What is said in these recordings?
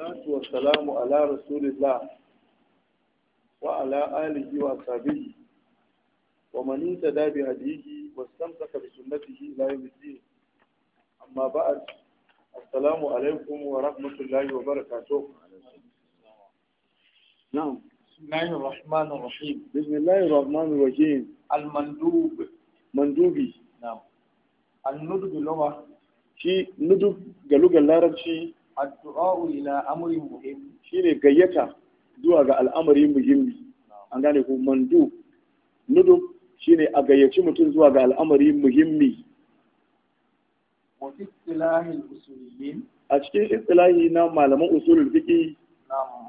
salatu wa salamu ala rasulillah wa ala alihi wa sahbihi wa man intada bi hadihi wa istamsaka bi sunnatihi ila yawm al-din amma ba'd assalamu alaikum wa rahmatullahi wa barakatuh na'am bismillahir rahmanir rahim bismillahir rahmanir rahim al-mandub mandubi na'am an-nudub lugha shi nudub ga lugar larabci addu'a ila amri muhim shine gayyata zuwa ga al'amari muhimmi an gane ko mandu nudu shine a gayyaci mutum zuwa ga al'amari muhimmi wa a cikin istilahi na malaman usulul fiqi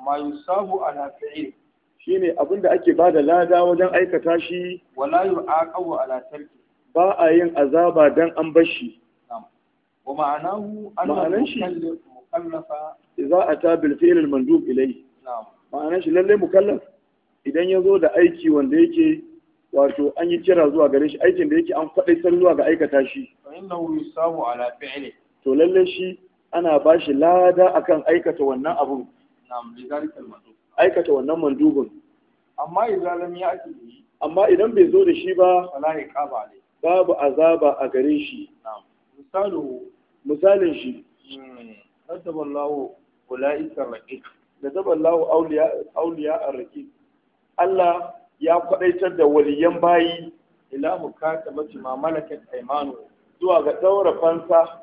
ma yusabu ala fi'il shine abinda ake bada lada wajen aikata shi wala yu'aqabu ala tarki ba a yin azaba dan an bashi wa ma'anahu annahu Za a tabil fi ilil al mandub ma'ana shi lalle mukallaf idan ya zo da aiki wanda yake wato an yi kira zuwa gare shi aikin da yake an faɗaitar zuwa ga aikata shi to lalle shi ana ba shi lada akan aikata wannan abun aikata wannan mandubin amma ya ake amma idan bai zo da shi ba babu azaba a gare shi misalin shi hmm. kataba Allahu ulaika raqiq da daba Allahu awliya awliya ar-raqiq Allah ya kwadaitar da waliyan bayi ila mukatabati ma malakat aymanu zuwa ga daura fansa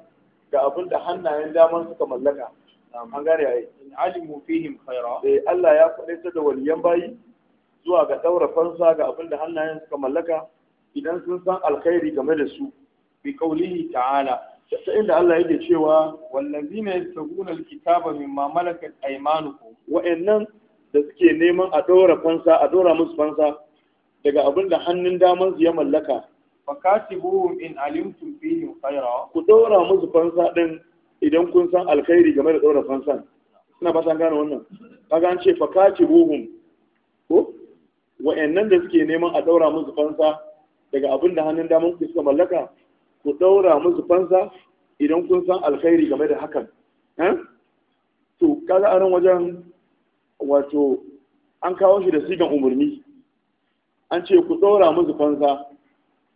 ga abin da hannayen daman suka mallaka an gane ai in alimu fihim khaira eh Allah ya kwadaitar da waliyan bayi zuwa ga daura fansa ga abin da hannayen suka mallaka idan sun san alkhairi game da su bi qaulihi ta'ala ta inda Allah yake cewa wallazina yastaguna alkitaba mimma malakat aymanukum wa'annan da suke neman a ɗora fansa a ɗora musu fansa daga abin da hannun daman ya mallaka Fakati buhun in alimtum fihim khaira ku ɗora musu fansa ɗin idan kun san alkhairi game da ɗora fansan suna ba san gane wannan kaga an ce fakati buhun! ko wa'annan da suke neman a ɗora musu fansa daga abin da hannun daman su suka mallaka ku daura musu fansa idan kun san alkhairi game da hakan eh? to kaga anan wajen wato an kawo shi da sigan umarni an ce ku ɗora musu fansa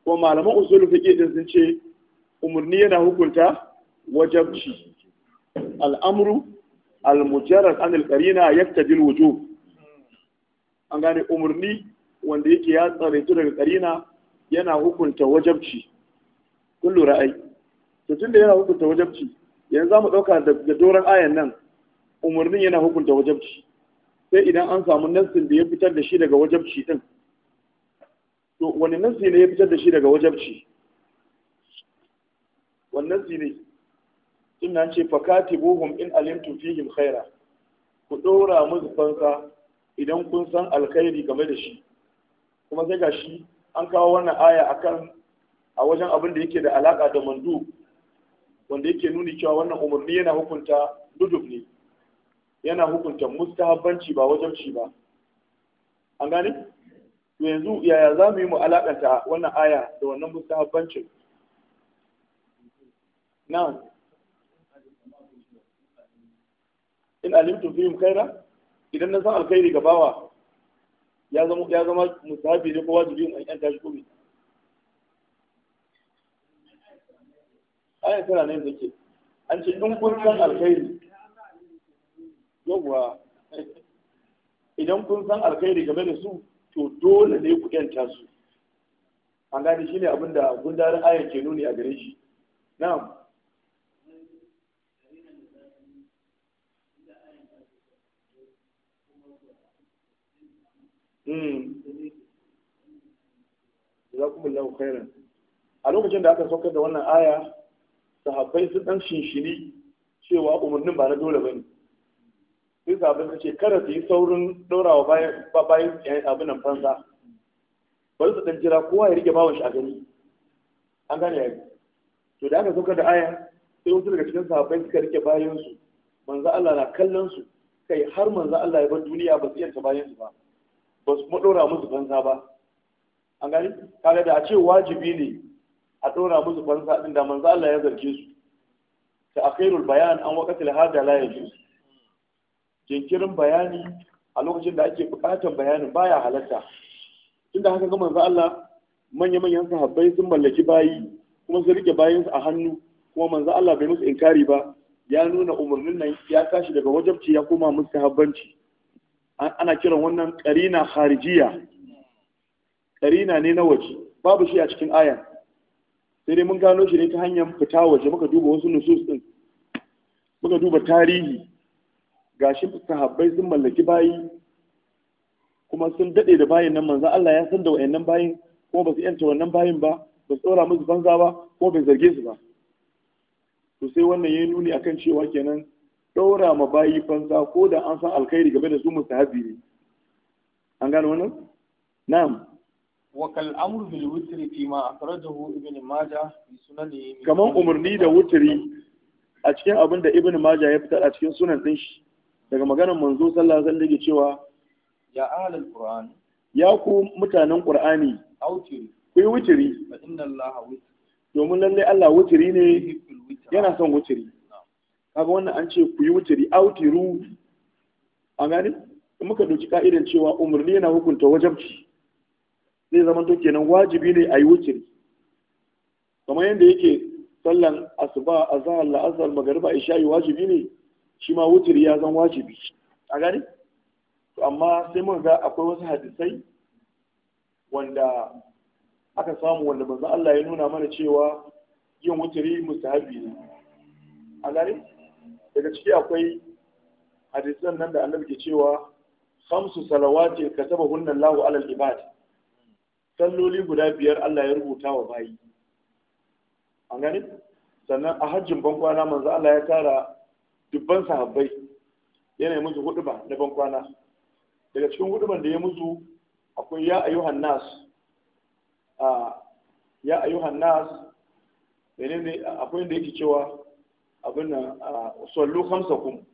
ko malaman usulun fiƙe din sun ce umarni yana hukunta wajabci al'amru al-mujarrad an al-qarina yaktadil wujub an gane umarni wanda yake ya tsare daga qarina yana hukunta wajabci kullu ra'ayi to tunda yana hukunta wajabci yanzu za mu ɗauka da doron ayan nan umarnin yana hukunta wajabci sai idan an samu nassin da ya fitar da shi daga wajabci din to wani nassi ne ya fitar da shi daga wajabci wani nassi ne ina ce fakati buhum in alimtu fihim khaira ku ɗora musu fansa idan kun san alkhairi game da shi kuma sai ga shi an kawo wannan aya akan a wajen abin da yake da alaka da mandu wanda yake nuni cewa wannan umarni yana hukunta dudub ne yana hukunta mustahabbanci ba wajabci ba an gane to yanzu yaya za mu yi mu alakanta wannan aya da wannan mustahabbancin Na. in alimtu fihim khaira idan na san alkhairi ga bawa ya zama ya zama mustahabi ne ko wajibi in an tashi ko ayin tana nan take an ce in kun san alkhairi yawwa idan kun san alkhairi game da su to dole ne ku yanta su an gane shine abin da gundarin ayin ke nuni a gare shi na'am hmm. jazakumullahu khairan a lokacin da aka saukar da wannan aya sahabbai sun dan shinshini cewa umarnin ba na dole ba ne sai sahabbai su ce kada su yi saurin ɗaurawa bayan yayin eh, abin nan fansa ba su dan jira kowa ya rike bawon shi a gani an gane yi to da aka saukar da aya sai wasu daga cikin sahabbai suka rike bayan su manzo Allah na kallon su kai har manzo Allah ya bar duniya ba su iya bayan su ba ba su kuma ɗora musu fansa ba an gani kaga da a ce wajibi ne a ɗora musu fansa ɗin da manzo Allah ya zarge su ta akhirul bayan an waqatil hada la yajuz jinkirin bayani a lokacin da ake buƙatar bayanin baya halatta tunda haka ga manzo Allah manya-manyan sahabbai sun mallaki bayi kuma sun rike bayansu a hannu kuma manzo Allah bai musu inkari ba ya nuna umarnin nan ya tashi daga wajabci ya koma musu sahabbanci ana kiran wannan karina kharijiya karina ne na waje babu shi a cikin ayan sai dai mun gano shi ne ta hanyar fita waje muka duba wasu nusus din muka duba tarihi gashi sahabbai sun mallaki bayi kuma sun dade da bayin nan manzo Allah ya san da wayannan bayin kuma ba su yanta wannan bayin ba ba su tsora musu banza ba ko bai zarge su ba to sai wannan ya nuni akan cewa kenan ɗora ma bayi banza ko da an san alkhairi game da su mustahabi ne an gano wannan na'am wakal amru bil witri fi ma akhrajahu ibn majah bi sunani kaman umarni da wutiri a cikin abin da ibn majah ya fitar a cikin sunan din shi daga maganar manzo sallallahu alaihi wasallam yake cewa ya ahli alquran ya ku mutanen qur'ani autiri ku yi wutiri inna allaha witr domin lalle Allah wutiri ne yana son wutiri kaga wannan an ce ku yi wutiri autiru an gani muka dauki ka'idan cewa umarni yana hukunta wajabci zai zama to kenan wajibi ne a yi wuturi kamar yadda yake sallan asuba a azhar la'asar magariba isha'i wajibi ne shi ma wuturi ya zan wajibi a gani amma sai mun ga akwai wasu hadisai wanda aka samu wanda manzo Allah ya nuna mana cewa yin musu mustahabi ne a gani daga ciki akwai hadisan nan da annabi ke cewa khamsu salawati katabahu lahu alal ibad salloli guda biyar Allah ya rubuta wa bayi an gani sannan a hajjin bankwana manzo Allah ya tara dubban sahabbai yana yi musu huduba na bankwana daga cikin huduban da ya musu akwai ya ayyuhan nas a ya ayyuhan nas menene akwai inda yake cewa abin nan sallu khamsakum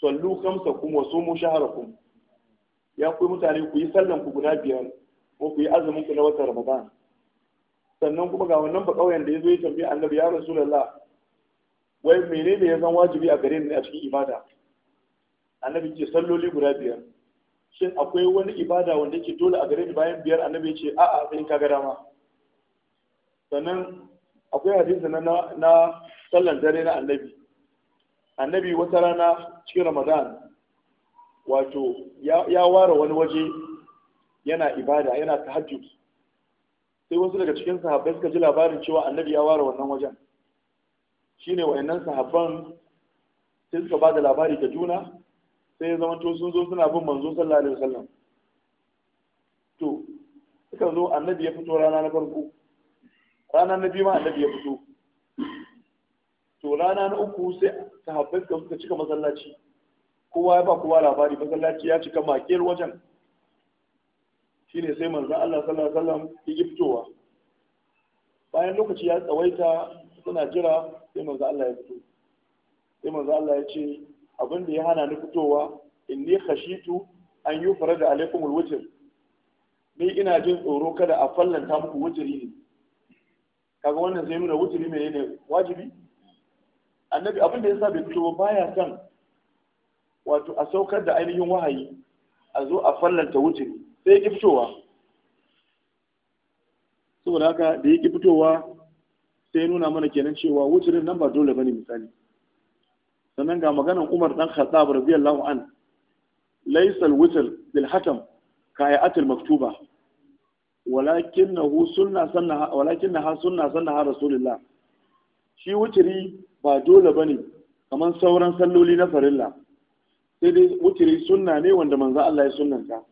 sallu khamsakum wa sumu shahrakum ya kuyi mutane ku yi sallan ku guda biyar ko ku yi azumin ku na watan Ramadan sannan kuma ga wannan ba kauyen da yazo ya tambaye annabi ya rasulullah wai menene ya san wajibi a gare ni a cikin ibada annabi ce salloli guda biyar shin akwai wani ibada wanda yake dole a gare ni bayan biyar annabi ya ce a sai ka ga dama sannan akwai hadisi na na sallan dare na annabi annabi wata rana cikin ramadan wato ya ware wani waje yana ibada yana tahajjud sai wasu daga cikin sahabbai suka ji labarin cewa annabi ya ware wannan wajen shine wayannan sahabban sai suka ba da labari ga juna sai ya to sun zo suna bin manzo sallallahu alaihi wasallam to suka zo annabi ya fito rana na farko rana na biyu ma annabi ya fito to rana na uku sai sahabbai suka suka cika masallaci kowa ya ba kowa labari masallaci ya cika makiyar wajen shine sai manzo Allah sallallahu alaihi wasallam yake fitowa bayan lokaci ya tsawaita suna jira sai manzo Allah ya fito sai manzo Allah ya ce abin da ya hana ni fitowa inni khashitu an da alaikum alwitr ni ina jin tsoro kada a fallanta muku wuturi ne kaga wannan zai nuna mai menene wajibi annabi abin da sa bai fito ba baya son wato a saukar da ainihin wahayi a zo a fallanta wuturi sai ya ƙi fitowa saboda haka da ya ƙi fitowa sai ya nuna mana kenan cewa wucirin nan ba dole bane misali sannan ga maganan Umar dan Khattab radiyallahu an laysa al-witr bil hatam ka'at al-maktuba walakinahu sunna sanna walakinaha sunna sanna rasulullah shi wuciri ba dole bane kamar sauran salloli na farilla sai dai wuciri sunna ne wanda manzo Allah ya sunnanta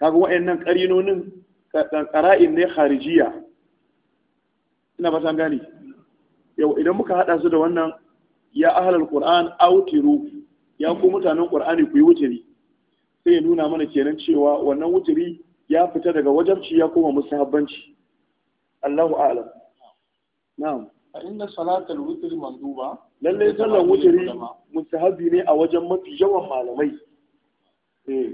kaga wa'annan karinonin kankara'in ne harijiya ina ba gani yau idan muka hada su da wannan ya ahalar qur'an autiru ya ku mutanen qur'ani ku yi wuturi sai ya nuna mana kenan cewa wannan wuturi ya fita daga wajabci ya koma musu habbanci Allahu a'lam na'am fa inda salatar wutri manduba Lallai, sallar wuturi mustahabi ne a wajen mafi yawan malamai eh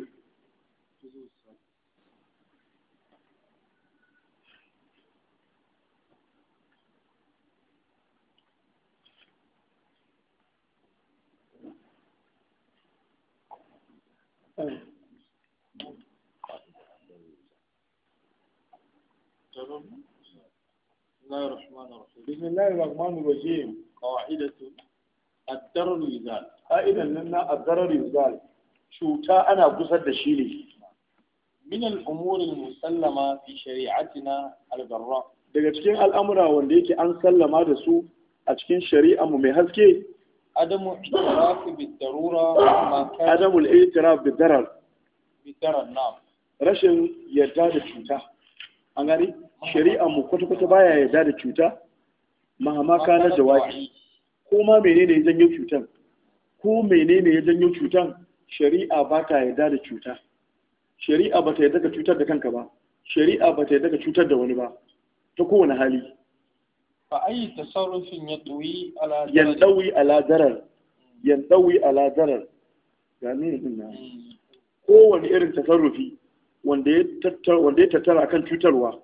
بسم الله الرحمن الرحيم قاعدة الضرر يزال قائدا لنا الضرر يزال شوتا أنا قصد شيلي من الأمور المسلمة في شريعتنا البراء daga cikin al'amura wanda yake an sallama da su a cikin shari'a mu mai عدم الاعتراف بالضرورة عدم الاعتراف بالضرر بالضرر نعم rashin yarda da cuta an gani shari'a mu kwata-kwata baya yarda da cuta mahama ka na jawaki? ko ma menene ya janyo cutan ko menene ya janyo cutan shari'a ba ta yarda da cuta shari'a ba ta yarda ka cutar da kanka ba shari'a ba ta yarda ka cutar da wani ba ta kowane hali fa ayi ya tsoyi irin tasarrufi wanda ya tattara cutarwa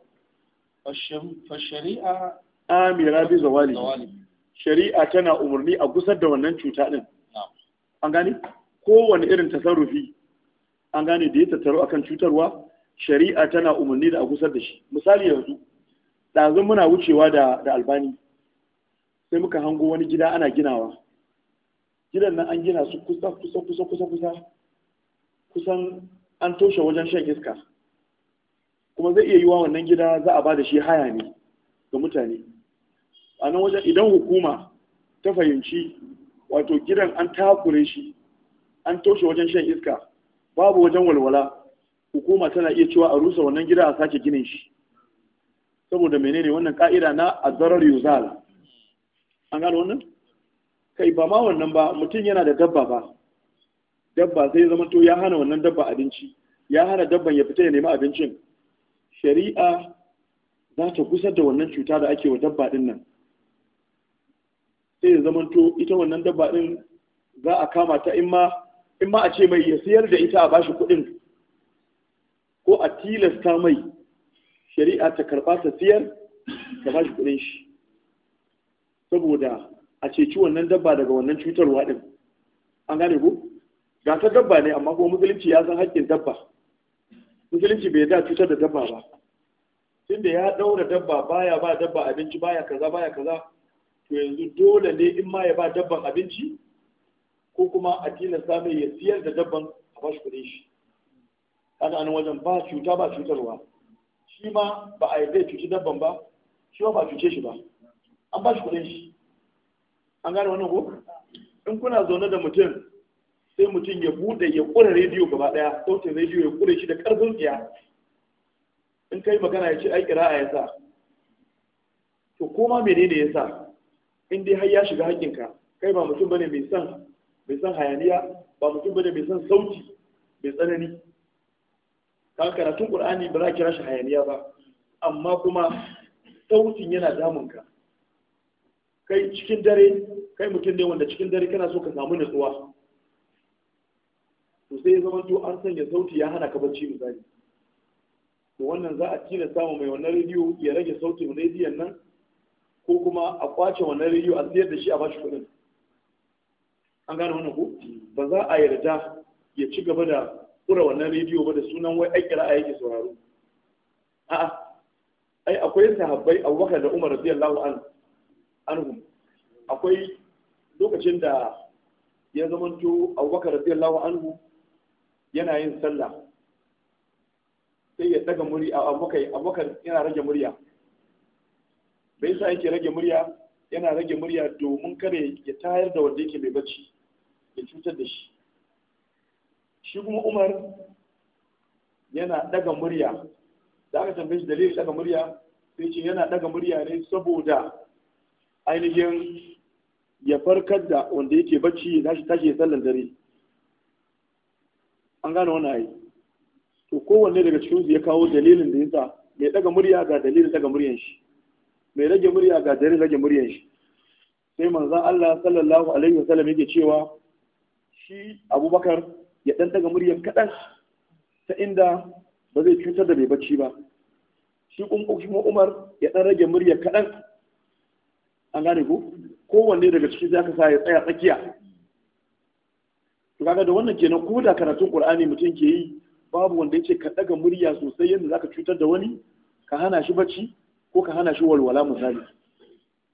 amira zawali shari'a tana umarni a gusar da wannan irin tasarrufi an gane da ya akan cutarwa shari'a tana umarni da a gusar da shi misali yanzu ɗazun muna wucewa da albani sai muka hango wani gida ana ginawa gidan nan an gina su kusa kusa kusa kusa kusa kusan an toshe wajen shan iska kuma zai iya yiwa wannan gida za a ba da shi haya ne ga mutane a nan wajen idan hukuma ta fahimci wato gidan an takure shi an toshe wajen shan iska babu wajen walwala hukuma tana iya cewa a rusa wannan gida a sake ginin shi saboda menene wannan ka'ida na azarar yuzal an gano wannan kai ba ma wannan ba mutum yana da dabba ba dabba zai zama to ya hana wannan dabba abinci ya hana dabban ya fita ya nemi abincin shari'a za ta gusar da wannan cuta da ake wa dabba din nan sai ya zama to ita wannan dabba din za a kama ta in ma in ma a ce mai ya sayar da ita a bashi kuɗin ko a tilasta mai shari'a ta karɓa ta siyar ta ba shi kuɗin shi saboda a ceci wannan dabba daga wannan cutarwa ɗin an gane ko ga ta dabba ne amma kuma musulunci ya san haƙƙin dabba musulunci bai da cutar da dabba ba tunda ya ɗaura dabba baya ba dabba abinci baya kaza baya kaza to yanzu dole ne in ma ya ba dabban abinci ko kuma a tilasta mai ya siyar da dabban a bashi kuɗin shi ana anan wajen ba cuta ba cutarwa shi ma ba a zai cuci dabban ba shi ma ba cuce shi ba an ba shi kuɗin shi an gane wannan ko in kuna zaune da mutum sai mutum ya buɗe ya kura rediyo gaba ɗaya sautin rediyo ya ƙure shi da karfin tsiya in kai magana ya ce ai kira'a a yasa? to koma menene ya sa in dai har ya shiga haƙƙinka kai ba mutum bane mai son mai son hayaniya ba mutum bane mai son sauti mai tsanani kan karatun qur'ani ba za kira shi hayaniya ba amma kuma sautin yana damun ka kai cikin dare kai mutum ne wanda cikin dare kana so ka samu nutsuwa to sai ya zamanto an sanya sauti ya hana ka bacci misali to wannan za a tina samu mai wannan rediyo ya rage sautin rediyon nan ko kuma a kwace wannan rediyo a siyar da shi a bashi kuɗin an gane wannan ko ba za a yarda ya ci gaba da kura wannan rediyo ba da sunan wai ai kira yake sauraro a'a ai akwai sahabbai Abubakar da Umar radiyallahu an anhum akwai lokacin da ya zamanto Abubakar radiyallahu anhu yana yin sallah sai ya daga murya Abubakar Abubakar yana rage murya bai sa yake rage murya yana rage murya domin kada ya tayar da wanda yake mai bacci ya cutar da shi shi kuma umar yana daga murya da aka tambaye shi dalilin daga murya sai ce yana daga murya ne saboda ainihin ya farkar da wanda yake bacci ya tashi tashi ya sallan dare an gane wani ayi to kowanne daga cikin su ya kawo dalilin da yasa mai daga murya ga dalilin daga muryan shi mai rage murya ga dalilin rage muryan shi sai manzon Allah sallallahu alaihi wasallam yake cewa shi Abubakar ya ɗan daga muryar kaɗan ta inda ba zai cutar da mai bacci ba shi um, kuma umar ya ɗan rage muryar kaɗan an gane ku kowanne daga ciki za ka sa ya tsaya tsakiya to kaga da wannan kenan ko da karatun qur'ani mutum ke yi babu wanda ya ce ka daga murya sosai yadda zaka cutar da wani ka hana shi bacci ko ka hana shi walwala misali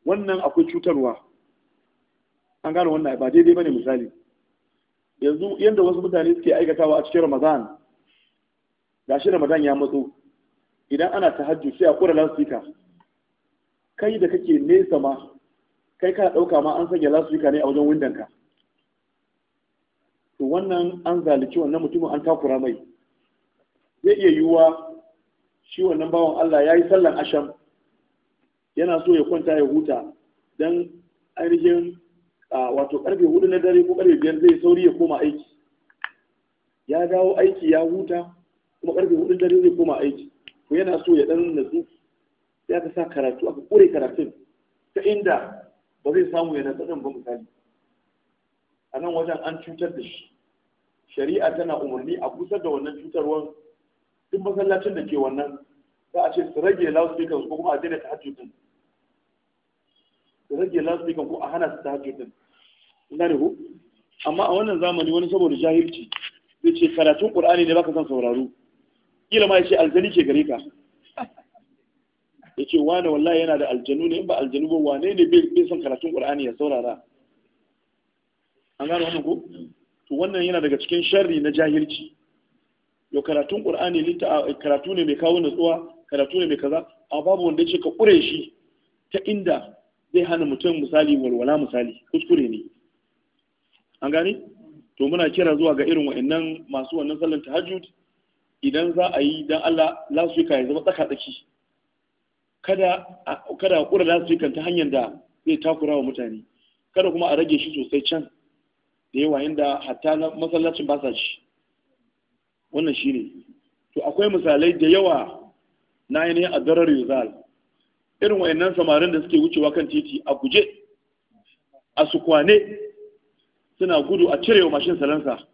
wannan akwai cutarwa an gane wannan ba daidai bane misali yanzu yadda wasu mutane suke aikatawa a cikin ramadan shi ramadan ya matso idan ana ta hajji sai a kura lasfika kai da kake nesa ma kai ka ɗauka ma an sanya lasfika ne a wajen windanka to wannan an zalici wannan mutumin an takura mai zai iya yiwuwa shi wannan bawan Allah ya yi sallan asham yana so ya kwanta ya huta don ainihin wato karfe hudu na dare ko karfe biyar zai sauri ya koma aiki ya dawo aiki ya huta kuma karfe hudu dare zai koma aiki ko yana so ya dan nutsu sai aka sa karatu aka kure karatun ta inda ba zai samu ya natsu ba misali a nan wajen an cutar da shi shari'a tana umarni a kusa da wannan cutarwar duk masallacin da ke wannan za a ce su rage loudspeaker ko kuma a daina tahajjudin su rage loudspeaker ko a hana su ta tahajjudin gane ko amma a wannan zamani wani saboda jahilci ya ce karatun ƙur'ani ne baka son sauraro kila ma ya ce aljani ke gare ka ya ce wane wallahi yana da aljanu ne in ba aljanu ba wane ne bai san karatun ƙur'ani ya saurara an gano wannan ko to wannan yana daga cikin sharri na jahilci yau karatun qur'ani karatu ne mai kawo natsuwa karatu ne mai kaza a babu wanda ya ce ka kure shi ta inda zai hana mutum misali walwala misali kuskure ne an gane to muna kira zuwa ga irin wa'annan masu wannan sallar tahajjud idan za a yi dan Allah lasuika ya zama tsaka tsaki kada kada kura lasuikan ta hanyar da zai takura wa mutane kada kuma a rage shi sosai can da yawa inda hatta masallacin ba sa ci wannan shine to akwai misalai da yawa na ainihin a darar yuzal irin wa'annan samarin da suke wucewa kan titi a guje a su suna gudu a cire wa mashin salansa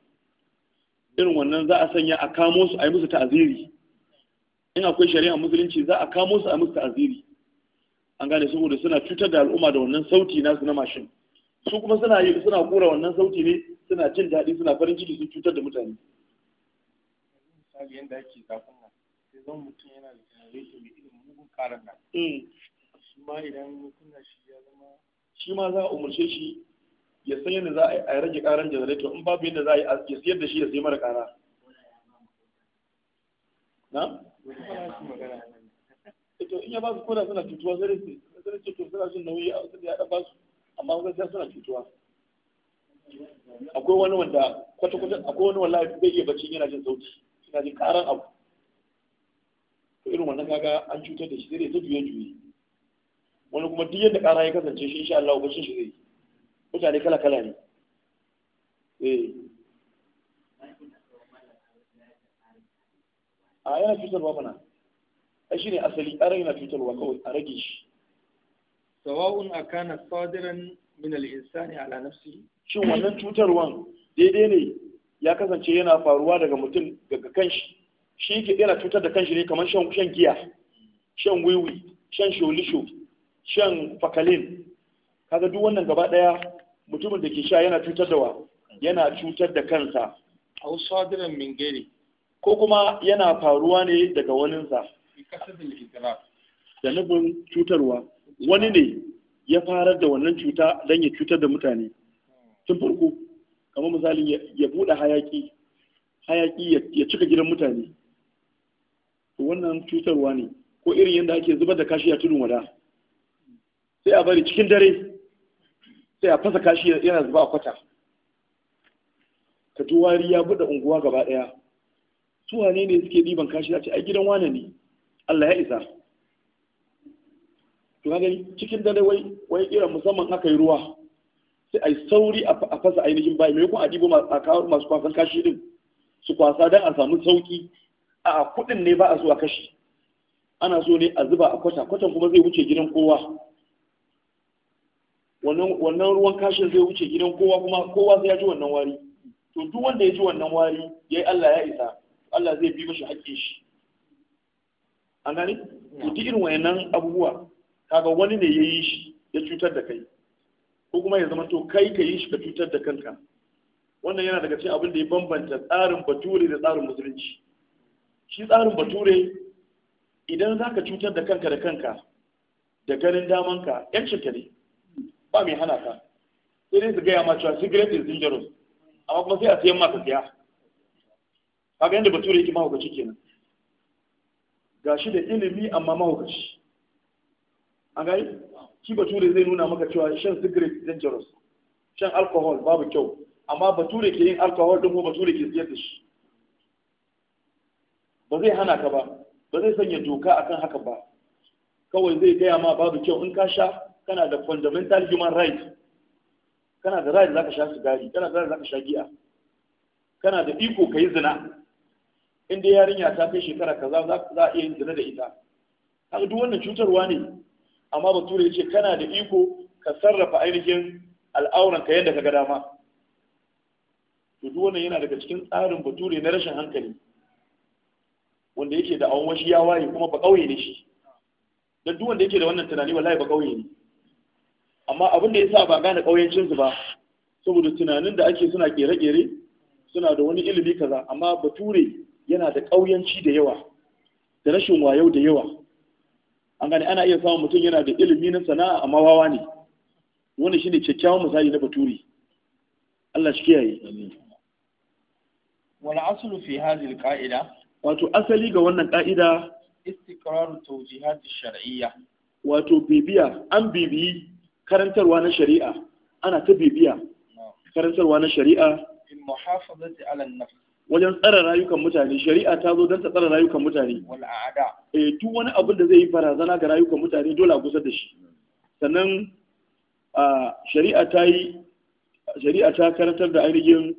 irin wannan za a sanya a kamo su a yi musu ta'aziri in akwai shari'a musulunci za a kamo su a musu ta'aziri an gane saboda suna cutar da al'umma da wannan sauti nasu na mashin su kuma suna yi suna kura wannan sauti ne suna jin daɗi suna farin ciki sun cutar da mutane yadda ake nan sai zan yana da irin mugun nan mm. ma idan shi ya zama shi ma za a umarce shi ya san yadda za a rage karan janareto in babu yadda za a ya siyar da shi ya sai mara kara na? Eh to in ya ba su koda suna cutuwa sai sai ce to suna jin nauyi a wasu ya da ba su amma ya suna cutuwa akwai wani wanda kwata kwata akwai wani wallahi bai iya bacci yana jin sauti yana jin karan abu to irin wannan kaga an cutar da shi sai dai ta juye juye wani kuma duk yadda kara ya kasance shi insha Allah bacin shi zai yi mutane kala kala ne eh a yana cutarwa mana ai shine asali ara yana cutarwa kawai a rage shi sawa'un akana sadiran min al-insani ala nafsi shin wannan cutarwan daidai ne ya kasance yana faruwa daga mutum daga kanshi shi yake yana cutar da kanshi ne kamar shan giya shan wiwi shan sholisho shan fakalin kaga duk wannan gaba daya mutumin da ke sha yana cutar da wa yana cutar da kansa aw sadiran min gairi ko kuma yana faruwa ne daga waninsa da nufin cutarwa wani ne ya farar da wannan cuta don ya cutar da mutane tun farko kamar misalin ya buɗe hayaki hayaƙi ya cika gidan mutane wannan cutarwa ne ko irin yadda ake zubar da kashi a tudun wada sai a bari cikin dare sai a fasa kashi yana zuba a kwata ka tuwari ya buɗe unguwa gaba ɗaya su wane ne suke ɗiban kashi a ce ai gidan wane ne Allah ya isa to ka gani cikin dare wai wai irin musamman aka yi ruwa sai ai sauri a fasa ainihin bayi mai kun a ɗibo masu kwasan kashi din su kwasa don a samu sauki a kuɗin ne ba a so a kashi ana so ne a zuba a kwata kwatan kuma zai wuce gidan kowa wannan ruwan kashin zai wuce gidan kowa kuma kowa zai ya ji wannan wari to duk wanda ya ji wannan wari ya yi Allah ya isa Allah zai bi mashi hakkin shi an gani to duk irin wayannan abubuwa kaga wani ne ya yi shi ya cutar da kai ko kuma ya zama to kai ka yi shi ka cutar da kanka wannan yana daga cikin abin da ya bambanta tsarin bature da tsarin musulunci shi tsarin bature idan za ka cutar da kanka da kanka da ganin damanka ka ne ba mai hana ka sai dai su gaya ma cewa cigarette is dangerous amma kuma sai a siyan masa siya kaga yadda bature yake mahaukaci kenan shi da ilimi amma mahaukaci an gani shi bature zai nuna maka cewa shan cigarette is dangerous shan alcohol babu kyau amma bature ke yin alcohol din ko bature ke siyar da shi ba zai hana ka ba ba zai sanya doka akan haka ba kawai zai gaya ma babu kyau in ka sha kana da fundamental human right kana da right zaka sha sigari kana da right zaka sha giya kana da iko kai zina in dai yarinya ta kai shekara kaza za a iya yin zina da ita haka duk wannan cutarwa ne amma bature yace kana da iko ka sarrafa ainihin al'auran ka yadda ka ga dama to duk wannan yana daga cikin tsarin bature na rashin hankali wanda yake da awon washi ya waye kuma ba kauye ne shi da duk wanda yake da wannan tunani wallahi ba kauye ne amma abin da ya sa ba gane ƙauyancinsu ba saboda tunanin da ake suna kere-kere suna da wani ilimi kaza amma bature yana da kauyanci da yawa da rashin wayo da yawa an gane ana iya samun mutum yana da ilimi na sana'a amma wawa ne shi shine kyakkyawan misali na bature Allah shi kiyaye Wani asali fi hadhihi wato asali ga wannan ka'ida ta tawjihat ash-shar'iyya wato bibiya an bibiyi karantarwa na shari'a ana ta bibiya karantarwa na shari'a wajen tsara rayukan mutane shari'a ta zo don ta tsara rayukan mutane eh duk wani abin da zai yi barazana ga rayukan mutane dole a kusa da shi sannan shari'a ta yi shari'a ta karantar da ainihin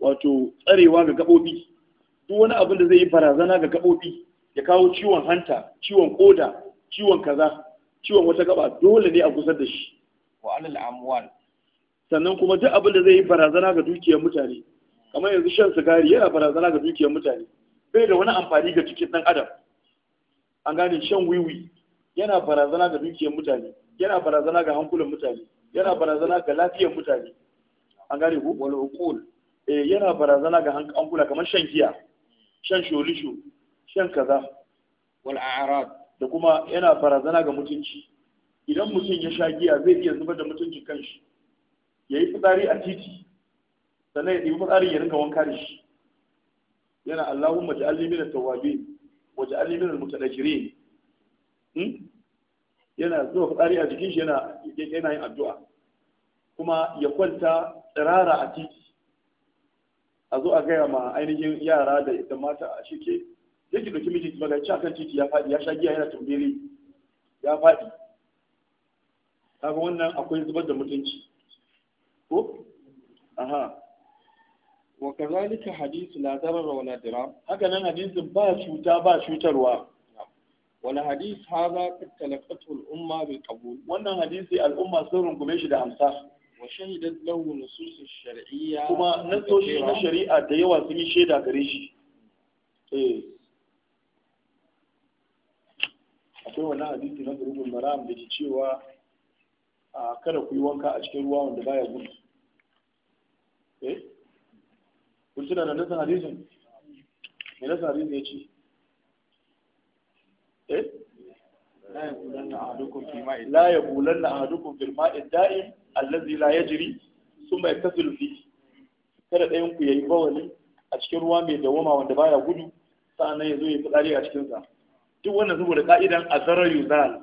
wato tsarewa ga gaɓoɓi duk wani abin da zai yi barazana ga gaɓoɓi ya kawo ciwon hanta ciwon koda ciwon kaza ciwon wata gaba dole ne a kusa da shi wa alal amwal sannan kuma duk abin da zai yi barazana ga dukiyar mutane kamar yanzu shan sigari yana barazana ga dukiyar mutane bai da wani amfani ga cikin dan adam an gane shan wiwi yana barazana ga dukiyar mutane yana barazana ga hankulan mutane yana barazana ga lafiyar mutane an gane ku wal uqul eh yana barazana ga hankula kamar shan giya shan sholisho shan kaza wal a'rad da kuma yana barazana ga mutunci idan mutum ya sha giya zai iya zubar da mutuncin kanshi ya yi fitsari a titi sannan ya ɗibi fitsarin ya rinka wanka da shi yana maji ja'alni minat tawwabin wa ja'alni da mutadakirin hmm? yana zuwa fitsari a jikin shi yana yana yin addu'a kuma ya kwanta tsirara a titi a zo a gaya ma ainihin yara da da mata a shi ke yake dauki miji maganci akan titi ya faɗi ya sha giya yana tumbiri ya faɗi kaga wannan akwai zubar da mutunci ko aha wa kazalika hadithu la darar wa la dirar haka nan hadisin ba cuta ba cutarwa wala hadith hadha qad al umma bi qabul wannan hadisi al umma sun rungume shi da amsa wa shahidat lahu nusus al shar'iyya kuma nasoshi na shari'a da yawa sun yi shaida gare shi eh akwai wannan hadisi na rubun maram da ke cewa kada ku yi wanka a cikin ruwa wanda baya gudu eh kun tuna da nasan hadisin me nasan hadisin ya ce eh la ya yabulanna ahadukum fil ma'i da'im allazi la ya yajri thumma yaktasilu fi kada ɗayan ku yayi bawali a cikin ruwa mai dawoma wanda baya gudu sa'annan ya zo ya fitsari a cikinsa. duk wannan saboda ka'idan zarar yuzal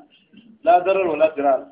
la zarar wala dirar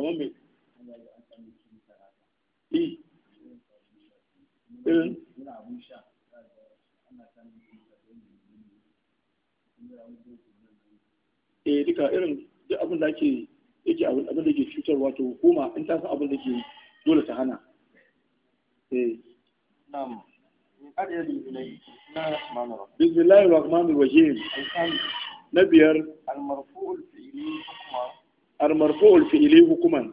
kamar me i e. irin eh. eh duka irin duk abin da ake yake abin da ke cutarwa to hukuma in ta san abin da ke dole ta hana بسم الله الرحمن الرحيم المرفوع الفعلي المرفوع الفعلي حكما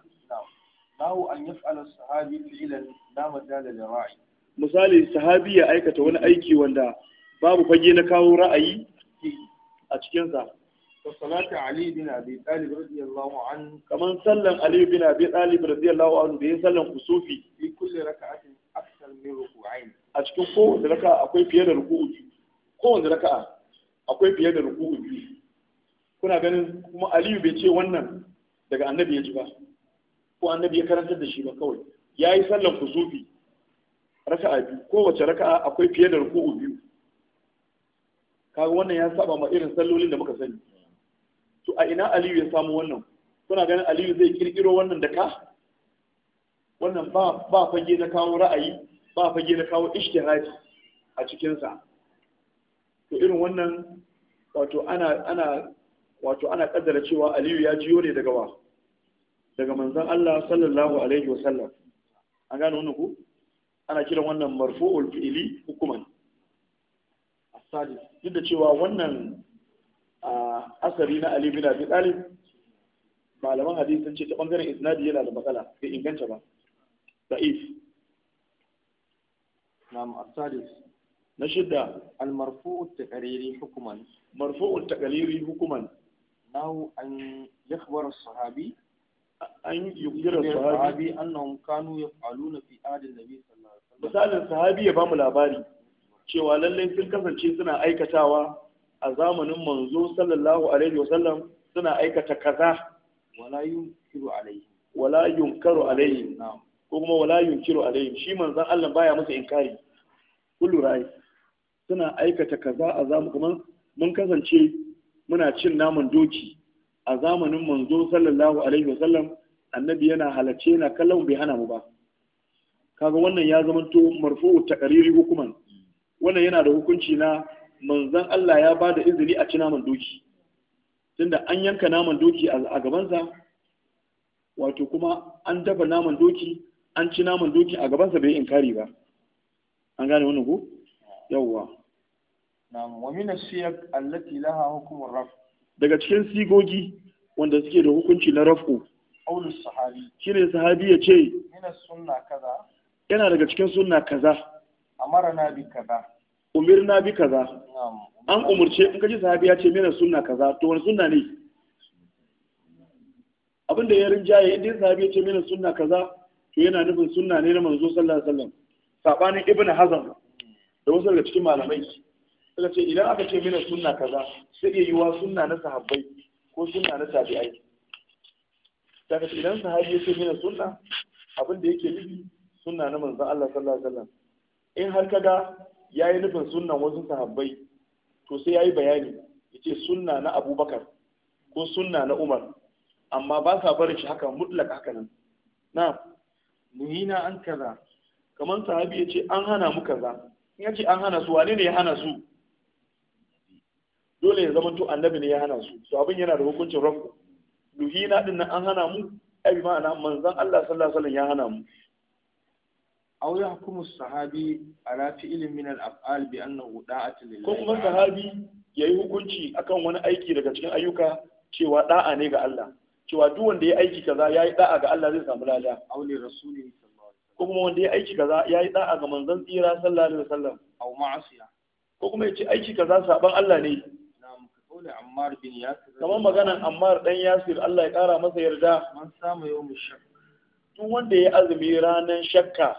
lahu an yaf'ala sahabi fi'lan la majala li ra'i misali sahabi ya aikata wani aiki wanda babu fage na kawo ra'ayi a cikin sa ka salati ali bin abi talib radiyallahu an kaman sallan ali bin abi talib radiyallahu an da yin sallan kusufi fi kulli raka'atin akthar min ruku'ain a cikin ko da raka'a akwai fiye da ruku'u ko wanda raka'a akwai fiye da ruku'u kuna ganin kuma ali bai ce wannan daga annabi ya ci ba ko annabi ya karantar da shi ba kawai ya yi sallan kusufi raka'a biyu kowace raka'a akwai fiye da ruku'u biyu kaga wannan ya saba ma irin sallolin da muka sani to a ina aliyu ya samu wannan kuna ganin aliyu zai kirkiro wannan da ka wannan ba ba fage na kawo ra'ayi ba fage na kawo ishtihadi a cikin sa to irin wannan wato ana ana wato ana kaddara cewa aliyu ya jiyo ne daga wa daga manzan Allah sallallahu alaihi wasallam an gane wani ku ana kiran wannan marfu'ul fi'ili hukuman asali duk da cewa wannan asari na Ali bin Abi Talib malaman hadisi sun ce ta bangaren isnadi yana da matsala bai inganta ba da'if na'am asali na shidda al-marfu'ut taqriri hukuman marfu'ut taqriri hukuman nahu أن يخبر sahabi ya bamu labari cewa lallai sun kasance suna aikatawa a zamanin manzo sallallahu alaihi wasallam suna aikata kaza wala yunkiru alaihi wala yunkaru alaihi ko kuma wala yunkiru alaihi shi manzon Allah baya musu inkari kullu rai suna aikata kaza a zamanin kuma mun kasance muna cin naman doki a zamanin manzo sallallahu alaihi wasallam annabi yana halace, yana kallon bai hana mu ba kaga wannan ya zama zamanto marfu'u taqriri hukuman wannan yana da hukunci na manzon Allah ya ba da izini a ci naman doki tunda an yanka naman doki a gabansa wato kuma an dafa naman doki an ci naman doki a gabansa bai inkari ba an gane wannan ko yawwa Na'am wa min as-siyaq allati laha Daga cikin sigogi wanda suke da hukunci na rafu. Qaulu sahabi. Shine sahabi ya ce min as-sunna kaza. Yana daga cikin sunna kaza. Amarna bi kaza. Umirna bi kaza. An umurce in kaji sahabi ya ce min as-sunna kaza to wani sunna ne? Abinda ya rinjaye idan sahabi ya ce min as-sunna kaza to yana nufin sunna ne na manzo sallallahu alaihi wasallam. Sabanin Ibn Hazm da wasu daga cikin malamai suka ce idan aka ce mina sunna kaza sai iya yiwa sunna na sahabbai ko sunna na tabi'ai daga idan sahabi ya ce mina sunna abin da yake nufi sunna na manzon Allah sallallahu alaihi wasallam in har kaga yayi nufin sunnan wasu sahabbai to sai yayi bayani yace sunna na Abubakar ko sunna na Umar amma ba sa barin shi haka mutlaka haka nan na muhina an kaza kamar sahabi ya ce an hana mu kaza in ya ce an hana su wane ne ya hana su dole ya zama to annabi ne ya hana su to abin yana da hukuncin rafu duhina din nan an hana mu abi ma'ana manzon Allah sallallahu alaihi wasallam ya hana mu aw hukumu sahabi ala fi'lin min al-af'al bi annahu da'at lillahi ko kuma sahabi yayi hukunci akan wani aiki daga cikin ayyuka cewa da'a ne ga Allah cewa duk wanda ya aiki kaza yayi da'a ga Allah zai samu lada aw li rasuli ko kuma wanda ya aiki kaza yayi da'a ga manzon tsira sallallahu alaihi wasallam aw ma'asiya ko kuma yace aiki kaza saban Allah ne Ammar bin Yasir. ياسر كما Ammar عمار Yasir, Allah ya يقرا masa yarda man samu yawm shak duk wanda ya azumi ranan shakka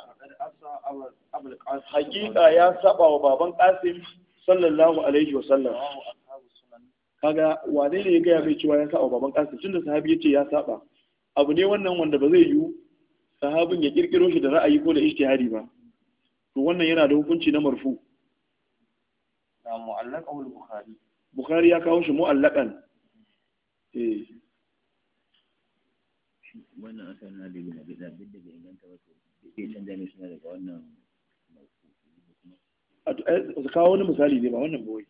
hakika ya saba wa baban qasim sallallahu alaihi wa sallam kaga wane ne ya gaya mai cewa ya saba wa baban qasim tunda sahabi yace ya saba abu ne wannan wanda ba zai yiwu sahabin ya kirkiro shi da ra'ayi ko da ijtihadi ba to wannan yana da hukunci na marfu na mu'allaqahu al-bukhari Bukhari ya kawo shi mu'allakan eh. wannan na da duk da ne suna daga wannan a eh, kawo wani misali ne ba wannan bawai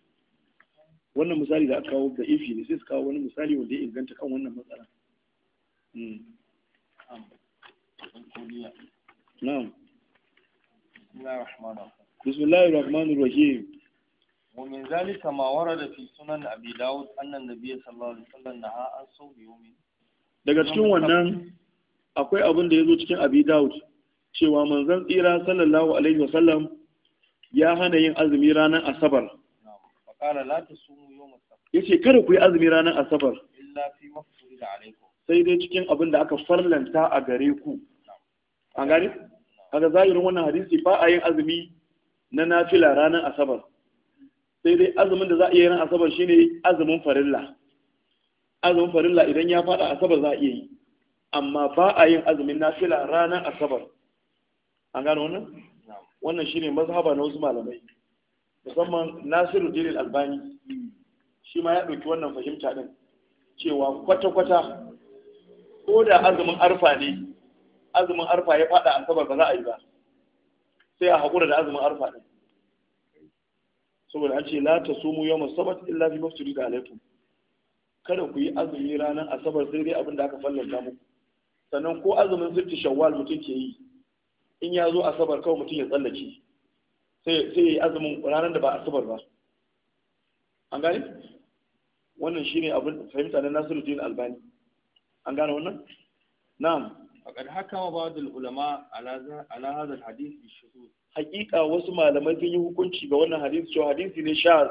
wannan misali da aka kawo da ifi ne sai su kawo wani misali wanda ya inganta kan wannan matsala hmm. na'am بسم الله الرحمن الرحيم ومن ذلك ما ورد في سنن أبي داود أن النبي صلى الله عليه وسلم نهى عن صوم يوم daga cikin wannan akwai abin da ya zo cikin abi daud cewa manzon tsira sallallahu alaihi wasallam ya hana yin azumi ranar asabar ya ce kada ku yi azumi ranar asabar sai dai cikin abin da aka farlanta a gare ku an gani? kaga zahirin wannan hadisi ba a yin azumi na nafila ranar asabar sai dai azumin da za a iya yin asabar shine azumin farilla azumin farilla idan ya fada asabar za a iya yi amma ba a yin azumin nafila ranar asabar an gano wannan wannan shine mazhaba na wasu malamai musamman nasiru dirin albani shi ma ya ɗauki wannan fahimta ɗin cewa kwata-kwata ko da azumin arfa ne azumin arfa ya fada asabar ba za a yi ba sai a haƙura da azumin arfa ɗin saboda an ce la ta sumu yau sabat illa fi mafturi da alaikum kada ku yi azumi ranar asabar sai dai abin da aka fallanta muku sannan ko azumin sirti shawwal mutum ke yi in ya zo asabar kawai mutum ya tsallake sai ya yi azumin ranar da ba asabar ba an gane wannan shine abin fahimta na nasiruddin albani an gane wannan na'am faqad hakama ba'd al-ulama ala hadha al-hadith bi shuhud hakika wasu malamai sun yi hukunci ga wannan hadisi cewa hadisi ne shaz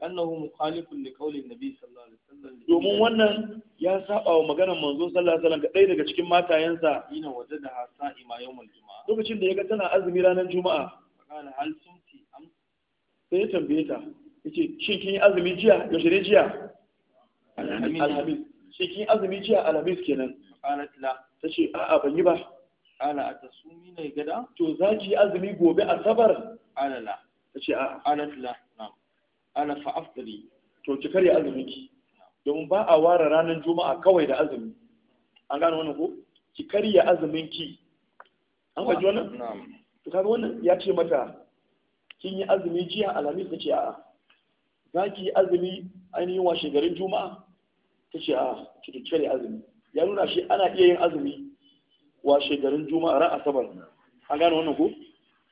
annahu mukhalifun li qawli nabi sallallahu alaihi wasallam domin wannan ya saba wa maganar manzo sallallahu alaihi wasallam ga ɗaya daga cikin matayensa ina waje da sa'ima yawmul juma'a lokacin da yaga tana azumi ranar juma'a kana hal sunti am sai ya tambaye ta yace shin kin yi azumi jiya yaushe ne jiya alhamdulillah shin kin yi azumi jiya alhamdulillah kenan kana la tace a'a ban yi ba ala a ta sumi ne gada to za ki azumi gobe asabar ala la ta ce a ala la ala fa aftari to ki karya azumi ki domin ba a ware ranar juma'a kawai da azumi an gane wannan ko ki karya azumin ki an faɗi wannan to kaga wannan ya ce mata kin yi azumi jiya alhamis ta ce a'a za ki yi azumi ainihin washe garin juma'a ta ce a'a ki karya azumi ya nuna shi ana iya yin azumi wa shekarun juma'a ra'a asabar an gane wannan ko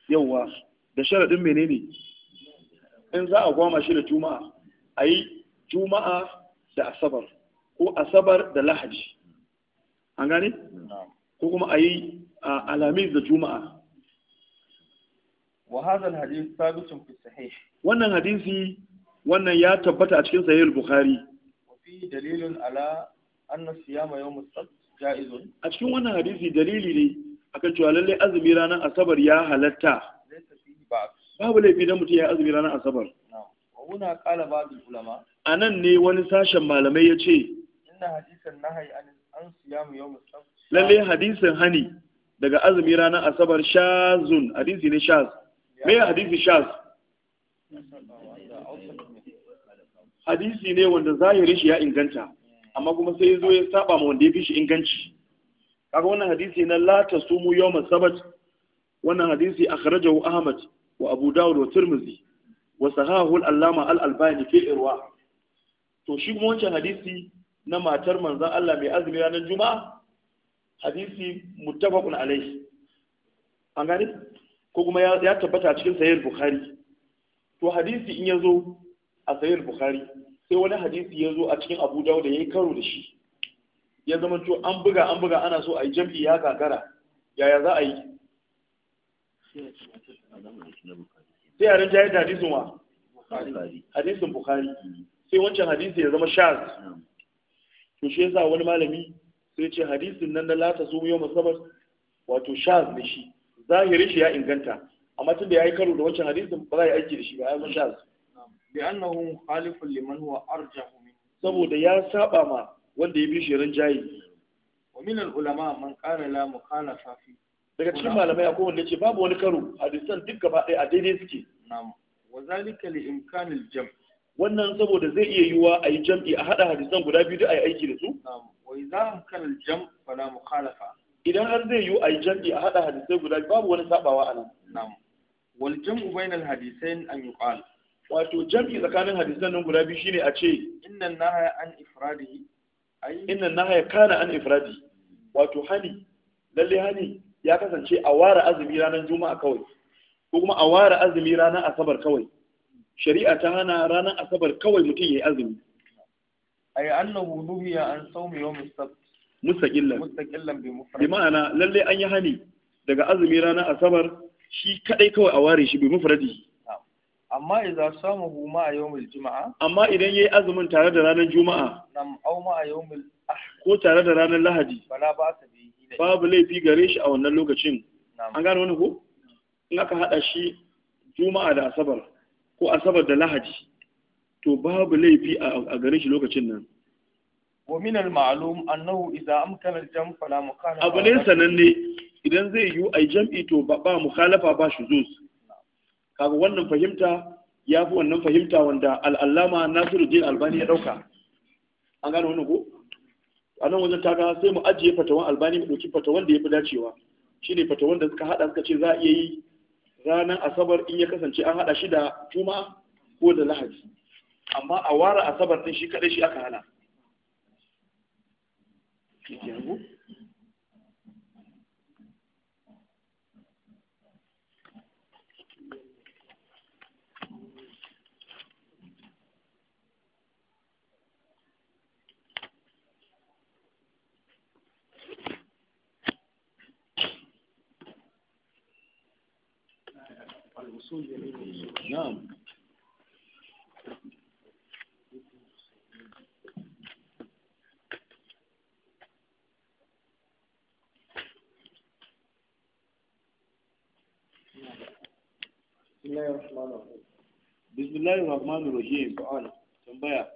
yawwa da sharadin menene in za a goma shi da juma'a a yi juma'a da asabar ko asabar da lahaji an gane ko kuma a yi alamis da juma'a وهذا الحديث ثابت في الصحيح wannan hadisi wannan ya tabbata a cikin sahih al-bukhari fi dalilun ala anna siyama yawm as-sabt a cikin wannan hadisi dalili ne akan cewa lalle azumi ranar asabar ya halatta babu laifi don mutum ya azumi ranar asabar a nan anan ne wani sashen malamai ya ce hadisan lalle hadisin hani daga azumi ranar asabar shazun hadisi ne shaz me hadisi shaz hadisi ne wanda zahirin shi ya inganta amma kuma sai ya zo ya saba ma wanda ya fi shi inganci kaga wannan hadisi na la tasumu yawm sabat wannan hadisi akhrajahu ahmad wa abu dawud wa tirmidhi wa sahahu al-allama al-albani fi irwa to shi kuma wancan hadisi na matar manzon Allah mai azumi ranar juma'a hadisi muttafaqun alayhi an gani ko kuma ya tabbata cikin sayar bukhari to hadisi in yazo a sahih bukhari sai wani hadisi ya zo a cikin abu dauda ya yi karo da shi ya zama to an buga an buga ana so a yi jam'i ya kakara yaya za a yi sai a rinjaye da hadisin wa hadisin bukhari sai wancan hadisi ya zama shaz to shi yasa wani malami sai ce hadisin nan da lata su yau musabar wato shaz da shi zahirin shi ya inganta amma tun da ya yi karo da wancan hadisin ba za a yi aiki da shi ba ya zama shaz li'annahu khalifun liman huwa arjahu min saboda ya saba ma wanda ya bi shi rinjayi wa min ulama man qala la mukhalafa fi daga cikin malamai akwai wanda ce babu wani karo hadisan duk gaba ɗaya a daidai suke na'am wa zalika li imkanil jam' wannan saboda zai iya yiwa a yi jam'i a haɗa hadisan guda biyu duk a yi aiki da su? Wa idza amkana al-jam' fala mukhalafa. Idan har zai yiwu a yi jam'i a haɗa hadisai guda biyu babu wani sabawa a nan. Na'am. Wal jam'u bayna al-hadisain an yuqal. wato jam'i tsakanin hadisan nan guda biyu shine a ce innan nahaya an ifradi innan nahaya kana an ifradi wato hani lalle hani ya kasance a ware azumi ranar juma'a kawai ko kuma a ware azumi ranar asabar kawai shari'a ta hana ranar asabar kawai mutum yayi azumi ay annahu nuhiya an sawmi yawm as-sabt mustaqillan mustaqillan bi mufrad bi ma'ana lalle an yi hani daga azumi ranar asabar shi kadai kawai a ware shi bi mufradi amma idan samu huma a yawmil juma'a amma idan yayi azumin tare da ranar juma'a nam au ma a ko tare da ranar lahadi bala ba ta bihi babu laifi gare shi a wannan lokacin an gane wani ko in aka hada shi juma'a da asabar ko asabar da lahadi to babu laifi a gare shi lokacin nan wa min al ma'lum annahu idza amkana al jam fala mukhalafa abu ne sananne idan zai yi ai jam'i to ba mukhalafa ba shuzuz kaga wannan fahimta ya fi wannan fahimta wanda al'allama nasiruddin albani ya ɗauka an gane wannan ko a nan wajen taga, sai mu ajiye fatawan albani mu ɗauki fatawan da ya fi dacewa shine fatawan da suka haɗa suka ce za a iya yi ranar asabar in ya kasance an haɗa shi da kuma ko da lahadi amma a ware asabar ɗin shi kaɗai shi aka hana نعم بسم الله الرحمن الرحيم سؤال تنبيه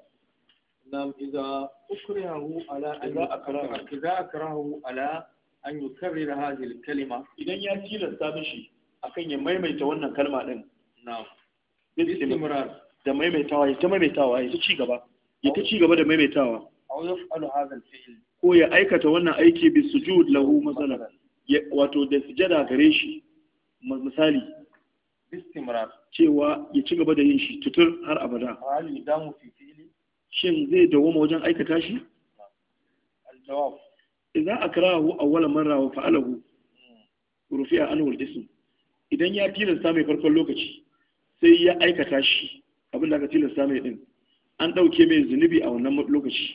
نعم إذا أكرهه على إذا أكرهه إذا أكرهه على أن يكرر هذه الكلمة إذا يأتي للتابشي akan ya maimaita wannan kalma din na istimrar da maimaitawa ya ta maimaitawa ya ta ci gaba ya ta ci gaba da maimaitawa aw yaf'alu hadha al-fi'l ko ya aikata wannan aiki bi sujud lahu ya wato da sujada gare shi misali istimrar cewa ya ci gaba da yin shi tutur har abada hali damu fi fi'li shin zai dawoma wajen aikata shi al-jawab idan akrahu awwal marra wa fa'alahu hmm. rufi'a anhu al-ism idan ya tilasta mai farkon lokaci sai ya aikata shi abin da aka tilasta mai din an ɗauke mai zunubi a wannan lokaci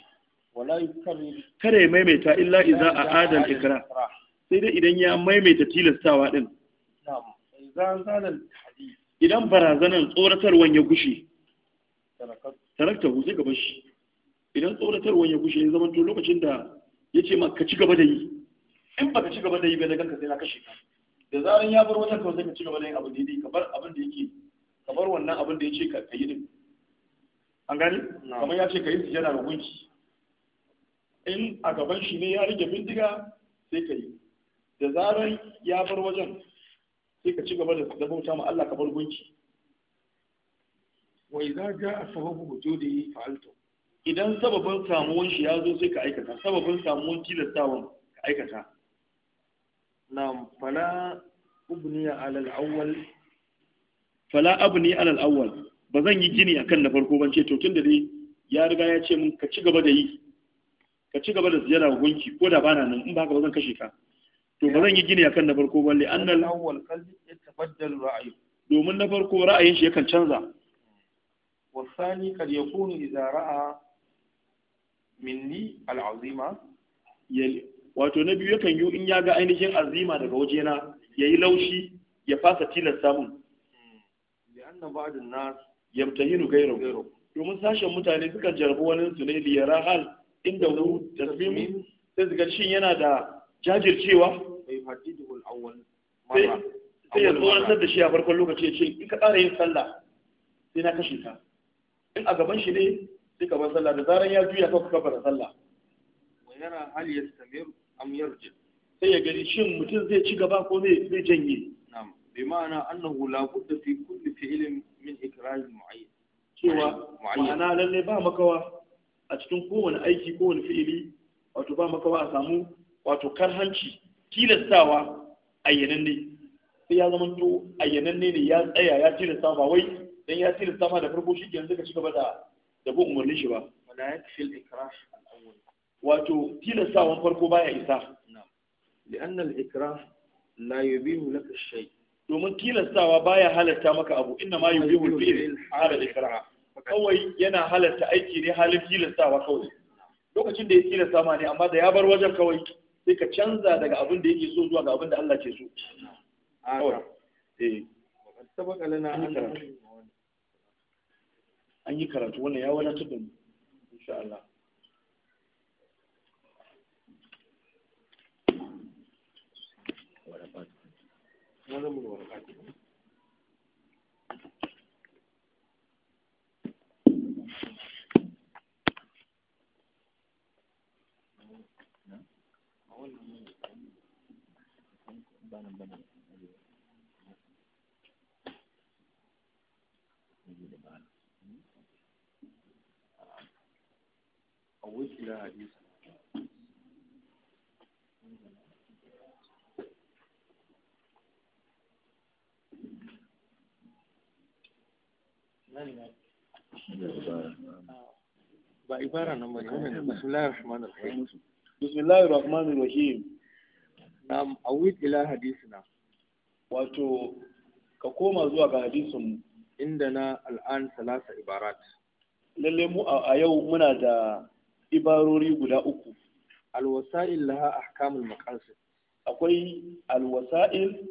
kare ya maimaita illa iza a adal ikra sai dai idan ya maimaita tilastawa din idan barazanar tsoratarwan ya gushe tarakta hu sai gaba shi idan tsoratarwan ya gushe ya zama to lokacin da ya ce ma ka ci gaba da yi in ba ka ci gaba da yi bai da kanka sai na kashe ka da zaran ya bar wajen kawai sai ka ci gaba da yin abu da yake kamar abin da yake kamar wannan abin da yake ka yi din an gani kamar ya ce ka yi sujada ga gunki in a gaban shi ne ya rage bindiga sai ka yi da zaran ya bar wajen sai ka ci gaba da wuta ma Allah kamar gunki wai za ga a sababu wujudi fa'altu idan sababin samuwan shi ya zo sai ka aikata sababin samuwan tilastawan ka aikata na'am fala ubni ala al-awwal fala abni ala al-awwal ba zan yi gini akan na farko ban ce to tunda dai ya riga ya ce mun ka ci da yi ka ci da ziyara ga ko da bana nan in ba ka zan kashe ka to ba zan yi gini akan na farko balle annal awwal qalbi yatabaddalu ra'ayi domin na farko ra'ayin shi yakan canza wasani kad yakunu idza ra'a minni al'azima wato na biyu yakan yi in ya ga ainihin azima daga wajena ya yi laushi ya fasa tilasta mun hmm. li'anna ba'dun nas yamtahinu ghayru domin sashen mutane suka jarbi wani su ne liyara hal inda hu tasmim sai su shin yana da jajircewa bai hadidul awwal sai ya tsoratar da shi a farkon lokaci ya ce in ka tsara yin sallah sai na kashe ka in a gaban shi ne sai ka bar sallah da zaran ya juya ka kuka bar sallah wa yara hal yastamir am yarji sai ya gani shin mutum zai ci gaba ko zai janye na'am bi ma'ana annahu la budda fi kulli fi'lin min ikraj mu'ayyan cewa ma'ana lalle ba makawa a cikin kowane aiki kowane fi'ili wato ba makawa a samu wato karhanci tilastawa ne. sai ya zama to ayyananne ne ya tsaya ya tilasta ba wai dan ya tilasta ma da farko shi yanzu ka ci gaba da da bin umarnin shi ba wala yakfil ikrah wato tilastawan farko baya isa لأن الإكراه لا يبيه لك الشيء domin tilastawa baya halatta maka abu inna ma yubihu fi'l halal ikra kawai yana halatta aiki ne halin tilastawa kawai lokacin da ya tilasta ma ne amma da ya bar wajen kawai sai ka canza daga abin da yake so zuwa ga abin da Allah ke so eh. an yi karatu wannan ya wadatar da mu insha Allah a wakila hadisa ba ibara nan bane wannan bismillahir rahmanir rahim bismillahir rahmanir rahim nam awid ila hadisina wato ka koma zuwa ga hadisin inda na al'an salasa ibarat lalle mu a yau muna da ibarori guda uku alwasa'il laha ahkamul maqasid akwai alwasa'il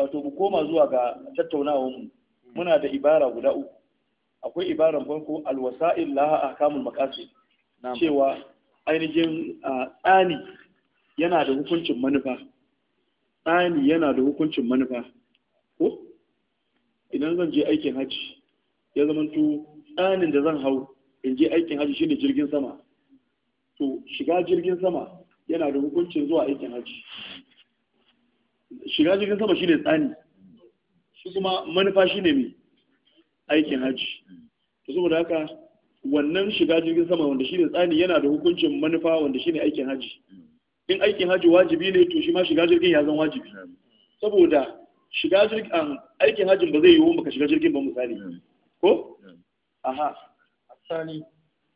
wato mu koma zuwa ga tattaunawa mu hmm. muna da ibara guda uku akwai ibaran farko alwasa'il laha ahkamul maqasid cewa ainihin tsani yana da hukuncin manufa tsani yana da hukuncin manufa ko idan zan je aikin hajji ya zamanto tsanin da zan hau in je aikin hajji shine jirgin sama to shiga jirgin sama yana da hukuncin zuwa aikin hajji shiga jirgin sama shine tsani shi kuma manufa shine mai aikin hajji to saboda haka wannan shiga jirgin sama wanda shine tsani yana da hukuncin manufa wanda shine aikin hajji in aikin hajji wajibi ne to shi ma shiga jirgin ya zan wajibi saboda shiga jirgin aikin hajjin ba zai yiwu baka shiga jirgin ba misali ko aha asali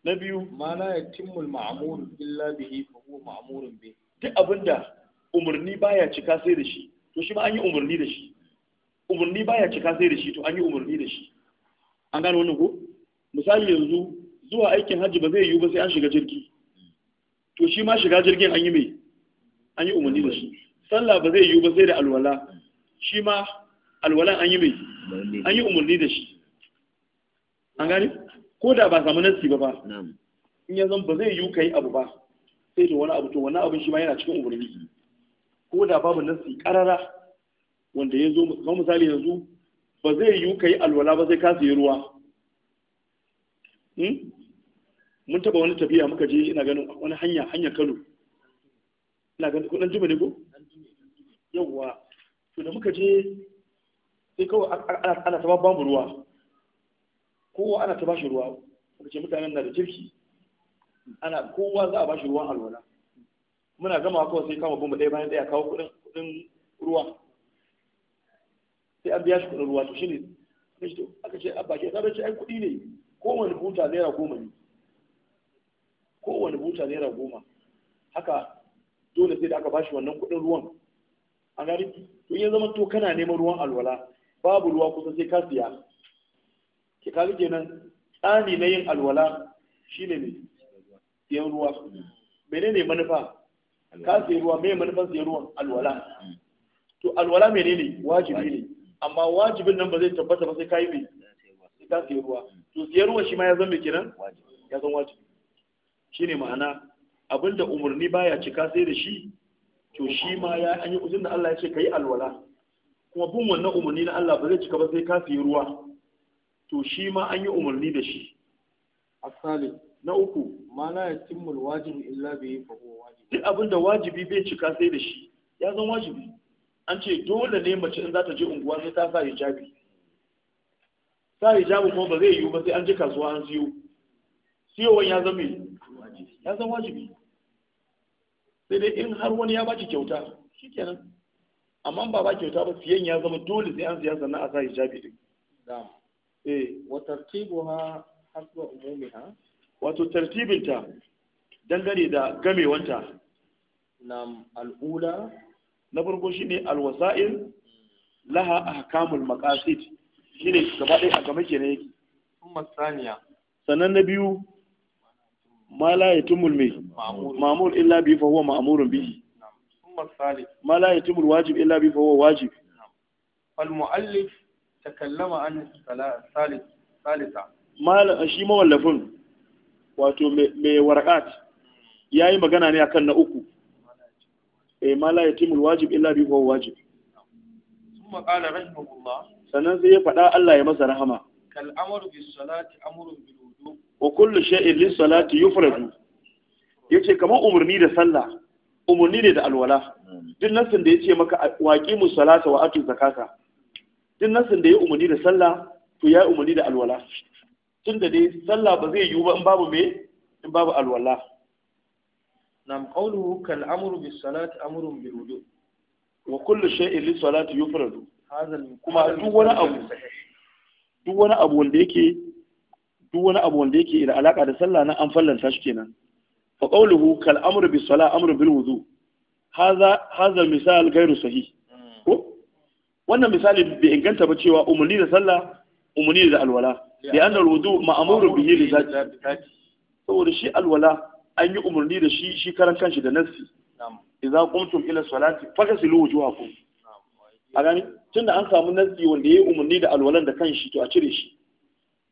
na biyu mana ya yatimmu al-ma'mur illa bihi fa huwa ma'murun bi duk abinda umarni baya cika sai da shi to shi ma an yi umarni da shi umarni baya cika sai da shi to an yi umarni da shi an gano wannan ko misali yanzu zuwa aikin hajji ba zai yiwu ba sai an shiga jirgi to shi ma shiga jirgin an yi mai an yi umarni da shi sallah ba zai yiwu ba sai da alwala shi ma alwalan an yi mai an yi umarni da shi an gane ko da ba samu nasi ba ba in ya ba zai yiwu kai abu ba sai da wani abu to wani abin shi ma yana cikin umarni ko da babu nasi karara wanda ya zo kamar misali yanzu ba zai yiwu ka yi alwala ba zai ka yi ruwa hmm? mun taba wani tafiya muka je ina ganin wani hanya hanya kano ina ganin kudin jima ne ko yawwa to da muka je sai kawai ana taba ba mu ruwa kowa ana ta shi ruwa muka ce mutanen na da jirki ana kowa za a ba shi ruwan alwala muna gama kawai sai kama bamba ɗaya bayan ɗaya kawo kudin ruwa sai an biya shi kuɗin ruwa to shine aka ce a baki ta ce ai kuɗi ne wani buta naira goma ne wani buta naira goma haka dole sai da aka bashi wannan kuɗin ruwan a gari to ya zama to kana neman ruwan alwala babu ruwa kusa sai ka siya ke kaga kenan tsani na yin alwala shine ne siyan ruwa menene manufa ka siya ruwa me manufan siyan ruwan alwala mm. to alwala menene wajibi ne amma wajibin nan ba zai tabbata ba sai kai mai sai ka sayi ruwa to siyar ruwa shi ma ya zama kenan ya zama wajibi shine ma'ana abinda umarni baya cika sai da shi to shi ma ya an yi uzun da Allah ya ce kai alwala kuma bin wannan umarni na Allah ba zai cika ba sai ka sai ruwa to shi ma an yi umarni da shi asali na uku ma la yatimul wajibi illa bihi fa huwa wajibi. duk abinda wajibi bai cika sai da shi ya zama wajibi an ce dole ne mace in za ta je unguwa sai ta sa hijabi sa hijabi kuma ba zai yiwu ba sai an je kasuwa an siyo siyowan ya zama ya zama wajibi sai dai in har wani ya baki kyauta shikenan amma ba ba kyauta ba siyan ya zama dole sai an siya sannan a sa hijabi din eh wa tartibuha hasba umumiha wato tartibinta dangane da gamewanta na al'ula na farko shi shine alwasa'il laha makasit. Shi ne gaba ɗaya a game kenan yake sannan na biyu mala ya yatumul mai ma'mul illa bi fa huwa ma'murun bihi kuma salih ma wajib illa bi fa huwa wajib fal muallif takallama an salih salisa mal shi mawallafin wato mai warakat hmm. yayi magana ne akan na uku eh ma la yatimul wajib illa bi huwa wajib thumma qala rahimahullah sannan sai ya faɗa Allah ya masa rahama kal amru bis salati amrun bil wudu wa kullu shay'in lis salati yufradu yace kamar umarni da sallah umarni ne da alwala duk nassin da yace maka waqimus salata wa atuz zakata duk nassin da ya umarni da sallah to ya umarni da alwala tunda dai sallah ba zai yiwu ba in babu me in babu alwala nam qawluhu kal amru bis salati amrun wudu wa kullu shay'in lis salati yufradu kuma duk wani duk wani abu wanda yake duk da alaka da sallah nan an fallanta shi kenan fa qawluhu kal amru bis salati wudu hadha hadha misal ghairu wannan misali bai inganta ba cewa umarni da sallah umarni da alwala bi anna alwudu ma'murun bihi li zati saboda shi alwala an yi umarni da shi shi karan kanshi da nassi idan kumtum ila salati faghsilu wujuhakum a gani tunda an samu nassi wanda yayi umarni da alwalan da kanshi to a cire shi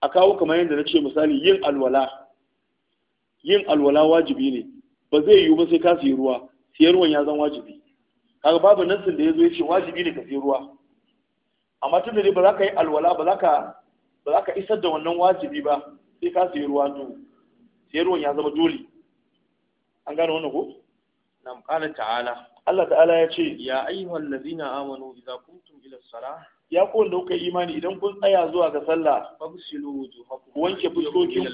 a kawo kamar yadda na ce misali yin alwala yin alwala wajibi ne ba zai yiwu ba sai ka sayi ruwa siyan ruwan ya zan wajibi kaga babu nassin da yazo ya ce wajibi ne ka sayi ruwa amma tunda dai ba za ka yi alwala ba za ka ba za ka isar da wannan wajibi ba sai ka sayi ruwa to siyan ruwan ya zama dole an gano wannan ko nam qala ta'ala Allah ta'ala ya ce ya ayyuhal ladina amanu idza kuntum ila salah ya ko da kuka imani idan kun tsaya zuwa ga sallah fagsilu wujuhakum wanke fuskokin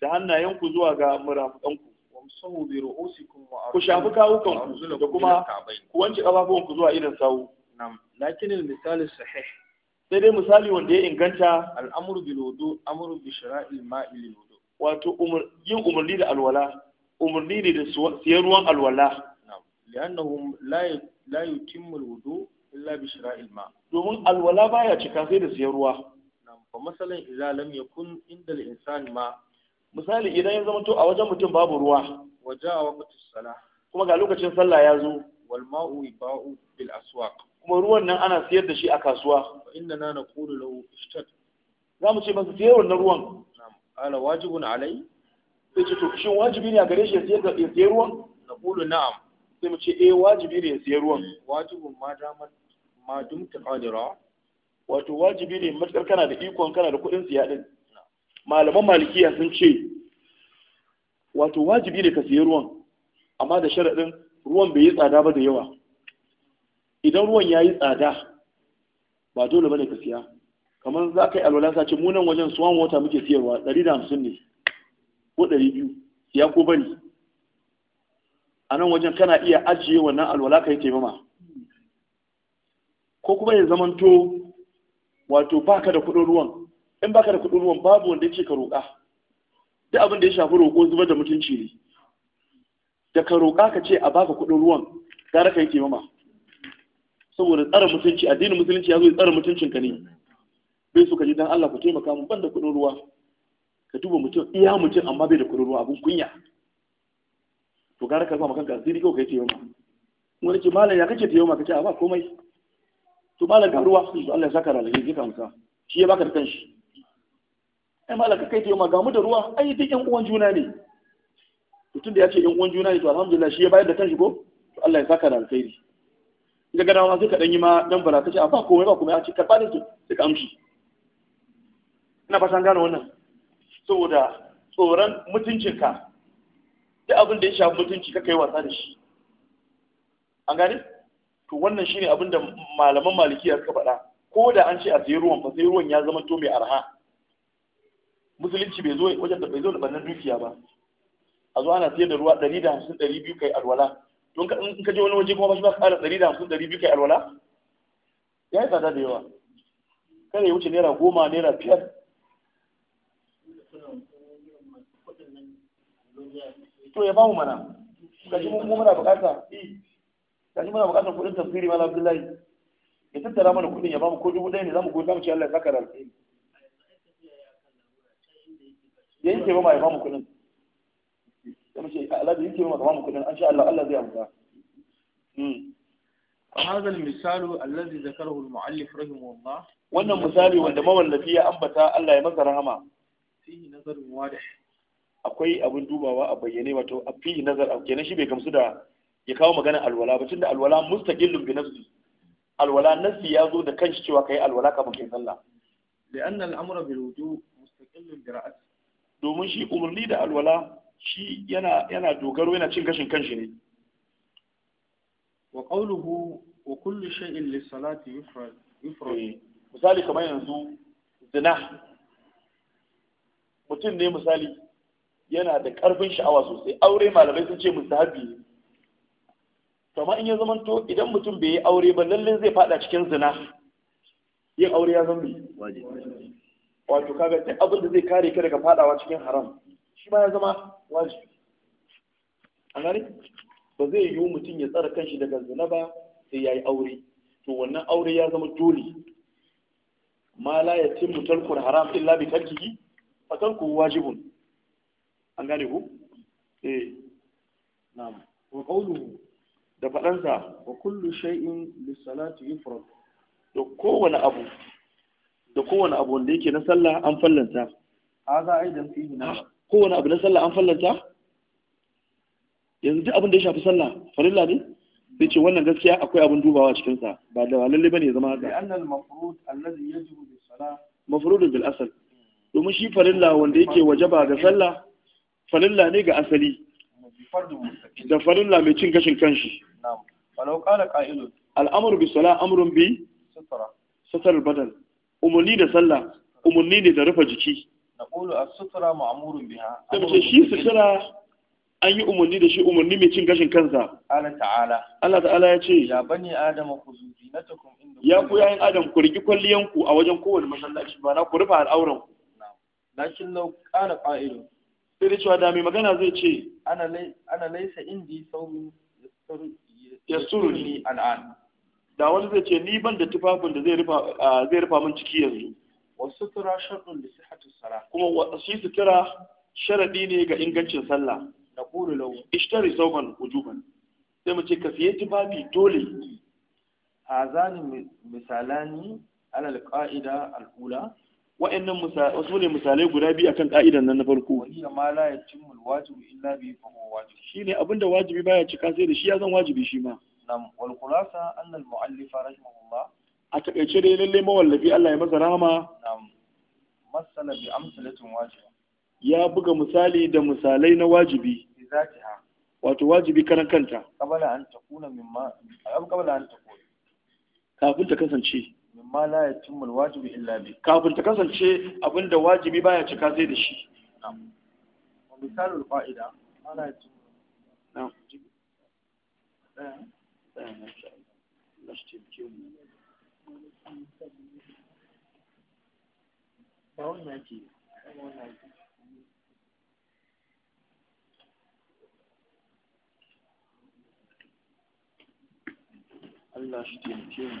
da hannayenku zuwa ga murafukanku wamsahu bi ru'usikum wa ku shafi kawukan ku da kuma ku wanke kafafuwan ku zuwa irin sawu nam lakin al misal sahih sai dai misali wanda ya inganta al amru bil wudu amru bi shira'il ma'il wudu wato yin umarni da alwala umarni ne da siyan ruwan alwala li'annahum la yutimmu al-wudu illa bi shira'il ma domin alwala baya cika sai da siyan ruwa fa masalan idza lam yakun inda al-insan ma misali idan ya zama to a wajen mutum babu ruwa wa waqtu salah kuma ga lokacin sallah ya zo wal ma'u ba'u bil aswaq kuma ruwan nan ana siyar da shi a kasuwa inna na naqulu lahu ishtad za mu ce masa siyar wannan ruwan ala wajibun alai sai ce to shin wajibi ne a gare shi ya sayar ruwan na kulu na'am sai mu ce eh wajibi ne ya sayar ruwan wajibin ma damar ma ta qadira wato wajibi ne matsar kana da ikon kana da kuɗin siya din malaman malikiya sun ce wato wajibi ne ka sayar ruwan amma da sharaɗin ruwan bai yi tsada ba da yawa idan ruwan ya yi tsada ba dole ba ne ka siya kamar za ka yi alwala sace munan wajen swan water muke siyarwa 150 ne ko ɗari biyu ya ko bari a nan wajen kana iya ajiye wannan alwala ka yi taimama ko kuma ya zamanto wato baka da kuɗin ruwan in baka da kuɗin ruwan babu wanda yake ka roƙa duk abin da ya shafi roƙo zubar da mutunci ne da ka roƙa ka ce a baka kuɗin ruwan gara ka yi taimama saboda tsara mutunci addinin musulunci ya zo ya tsara mutuncin ka ne bai so ka ji dan Allah ku taimaka mu ban da kuɗin ruwa ka duba mutum iya mutum amma bai da kururuwa abin kunya to gara ka zama ka asiri kawai kai ce yoma wani ce malam ya kake ta yoma kake a ba komai to malam ga ruwa to Allah ya saka da alheri ka amsa shi ya baka da kanshi ai malam ka kai ta yoma ga mu da ruwa ai duk yan uwan juna ne mutum da ya ce yan uwan juna ne to alhamdulillah shi ya bayar da kanshi ko to Allah ya saka da alheri ga gana ma sai ka danyi yi ma dan bara kace a ba komai ba komai a ce karba ne to sai ka amshi ina fatan gane wannan saboda tsoron mutuncinka duk abin da ya shafi mutunci ka kai wasa da shi an gane to wannan shine abin da malaman malikiya suka faɗa ko da an ce a sayi ruwan ba sai ruwan ya zama to mai arha musulunci bai zo wajen da bai zo da bannan dukiya ba a zo ana sayar da ruwa 150 200 kai alwala to in ka je wani waje kuma ba shi ba ƙara 150 200 kai alwala ya yi tsada da yawa kada ya wuce naira goma naira biyar to ya bamu mana kaji mun muna bukata kaji muna bukata kudin tafsiri mala abdullahi ya tattara mana kudin ya bamu, ko dubu ɗaya ne zamu goyi zamu ci Allah ya saka da alheri ya yanke ba ma ya bamu mu kudin ya mace alhaji yanke ba ma ka bamu kudin an sha Allah Allah zai amsa هذا المثال الذي ذكره المؤلف رحمه الله wannan misali wanda mawallafi ya ambata Allah ya masa rahama fihi nazarin wadih akwai abin dubawa a bayyane wato a fi nazar a kenan shi bai gamsu da ya kawo magana alwala ba tunda alwala mustaqillun bi nafsi alwala nafsi ya zo da kanshi cewa kai alwala kafin kai sallah bil wudu mustaqillun bi ra'at domin shi umarni da alwala shi yana yana dogaro yana cin gashin kanshi ne wa qawluhu wa kullu shay'in lis salati yufrad yufrad eh, misali kamar yanzu zina mutum ne misali yana da ƙarfin sha'awa sosai aure malamai sun ce mustahabi ne amma in ya zama to idan mutum bai yi aure ba lalle zai fada cikin zina yin aure ya zama wajibi wato kaga duk abin da zai kare ka daga fadawa cikin haram shi ma ya zama wajibi A gane ba zai yiwu mutum ya tsara kanshi daga zina ba sai ya yi aure to wannan aure ya zama dole ma la yatimmu tarkul haram illa bi tarkihi fa tarku wajibun an gane ku eh na'am wa qawluhu da fadansa wa kullu shay'in lis-salati yufrad da kowane abu da kowane abu wanda yake na sallah an fallanta hadha aidan fihi na kowane abu na sallah an fallanta yanzu duk abin da ya shafi sallah farilla ne sai ce wannan gaskiya akwai abin dubawa cikin sa ba da lalle bane zama haka annal mafrud allazi yajibu bis-salah mafrudun bil asl domin shi farilla wanda yake wajaba ga sallah falilla ne ga asali da falilla mai cin gashin kanshi Al'amur bi sala amurin bi sutar badal umarni da sallah umarni ne da rufe jiki da mace shi sutura an yi umarni da shi umarni mai cin gashin kansa Allah ta'ala ya ce ya ku yayin adam ku rigi kwalliyanku a wajen kowane masallaci ba na ku rufe al'auranku lakin lau ƙara ƙa'ilu sai da cewa da mai magana zai ce ana laisa indi saurin ya suru ni al'an da wani zai ce ni ban da tufafin da zai rufa min ciki yanzu wasu tura sharɗin da sihatu tsara, kuma wasu shi sutura sharaɗi ne ga ingancin sallah na kuri lau ishtari sauman ujuban sai mu ce ka fiye tufafi dole hazani misalani alal qa'ida al'ula wa'annan wasu ne misalai guda biyu akan ka'idan nan na farko wani ma la yatimmu alwajibu illa bi fa huwa wajibi shine abinda wajibi baya cika sai da shi ya zan wajibi shi ma nam wal khulasa anna al muallif rahimahullah a takaice dai lalle mawallafi Allah ya masa rahama nam masala bi amsalatin wajibi ya buga misali da misalai na wajibi zatiha wato wajibi karan kanta kabala an takuna mimma kabala an takuna kafin ta kasance mimma la yatimul wajibi illa bi kafin ta kasance abinda wajibi baya cika sai da shi na'am misalul fa'ida ma la na'am Allah shi taimake mu.